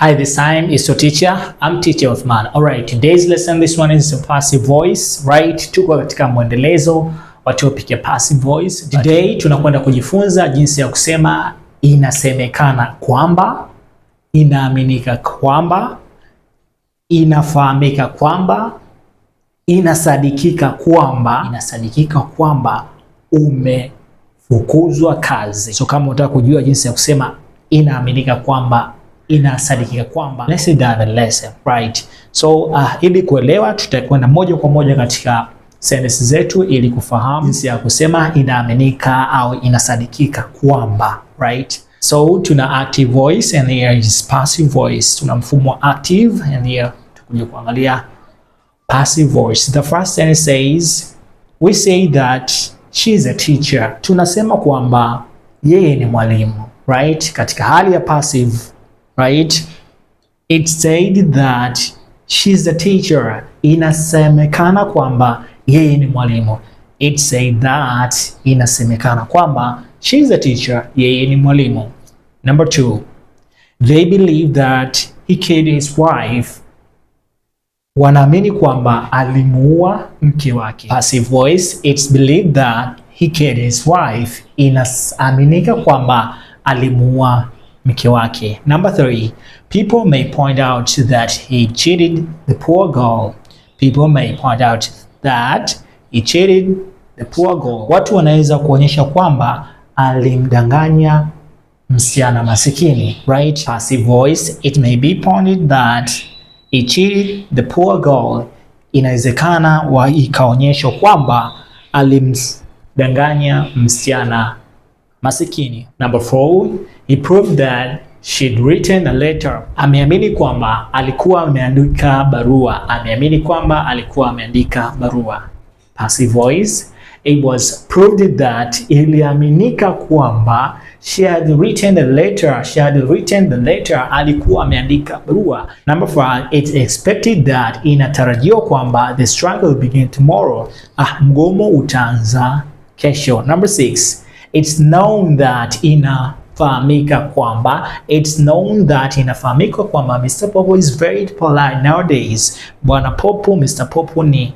Hi, this time is your teacher. I'm teacher Uthman. All right, today's lesson, this one is a passive voice, right? Tuko katika mwendelezo wa topic ya passive voice. Today tunakwenda kujifunza jinsi ya kusema inasemekana kwamba, inaaminika kwamba, inafahamika kwamba, inasadikika kwamba, inasadikika kwamba umefukuzwa kazi. So kama unataka kujua jinsi ya kusema inaaminika kwamba inasadikika kwamba less than less, right? So uh, ili kuelewa tutakwenda moja kwa moja katika sentensi zetu ili kufahamu jinsi ya kusema inaaminika au inasadikika kwamba, right? So tuna active voice and here is passive voice. Tuna mfumo active and here tukuja kuangalia passive voice. The first sentence says we say that she is a teacher. Tunasema kwamba yeye ni mwalimu, right? Katika hali ya passive right? It said that she's a teacher, inasemekana kwamba yeye ni mwalimu. It said that, inasemekana kwamba she's a teacher, yeye ni mwalimu. Number two, they believe that he killed his wife wanaamini kwamba alimuua mke wake. Passive voice, it's believed that he killed his wife. Inaaminika kwamba alimuua mke wake. Number three, people may point out that he cheated the poor girl. People may point out that he cheated the poor girl. Watu wanaweza kuonyesha kwamba alimdanganya msichana masikini, right? Passive voice, it may be pointed that he cheated the poor girl. Inawezekana ikaonyeshwa kwamba alimdanganya msichana masikini. Number four, he proved that she'd written a letter. Ameamini kwamba alikuwa ameandika barua. Ameamini kwamba alikuwa ameandika barua. Passive voice, it was proved that, iliaminika kwamba she had written the letter. She had written the letter, alikuwa ameandika barua. Number 5, it's expected that, inatarajiwa kwamba the struggle begin tomorrow. Ah, mgomo utaanza kesho. Number six, it's known that ina fahamika kwamba it's known that inafahamika kwamba Mr. Popo is very polite nowadays. Bwana Popo, Mr. Popo ni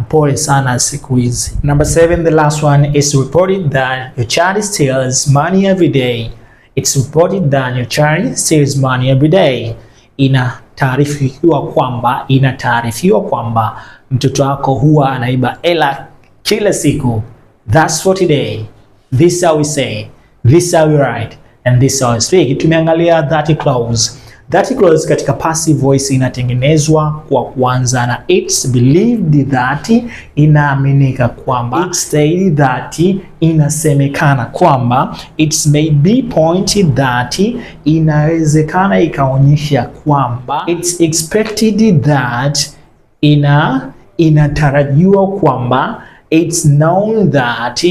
mpole um, sana siku hizi. Number seven, the last one is reported that your child steals money every day. It's reported that your child steals money every day. Inataarifiwa kwamba inataarifiwa kwamba mtoto wako huwa anaiba hela kila siku. That's for today this how we say, this how we write, and this how we speak. Tumeangalia that clause. That clause katika passive voice inatengenezwa kwa kuanza na it's believed that, inaaminika kwamba, it's said that, inasemekana kwamba, it's may be pointed that, inawezekana ikaonyesha kwamba, it's expected that, ina inatarajiwa kwamba, it's known that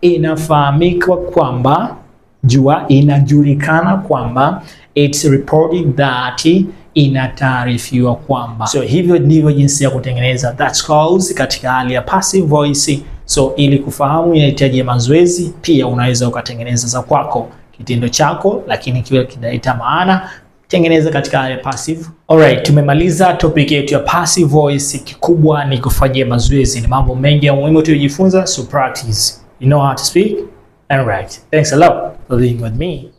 inafahamika kwamba jua, inajulikana kwamba, it's reported that, inataarifiwa kwamba. So hivyo ndivyo jinsi ya kutengeneza that clause katika hali ya passive voice. So ili kufahamu inahitaji mazoezi. Pia unaweza ukatengeneza za kwako kitendo chako, lakini kiwe kinaleta maana tengeneza katika hali ya passive. Alright, tumemaliza topic yetu ya passive voice. Kikubwa ni kufanyia mazoezi, ni mambo mengi ya muhimu tuyojifunza so practice. You know how to speak and write. Thanks a lot for being with me.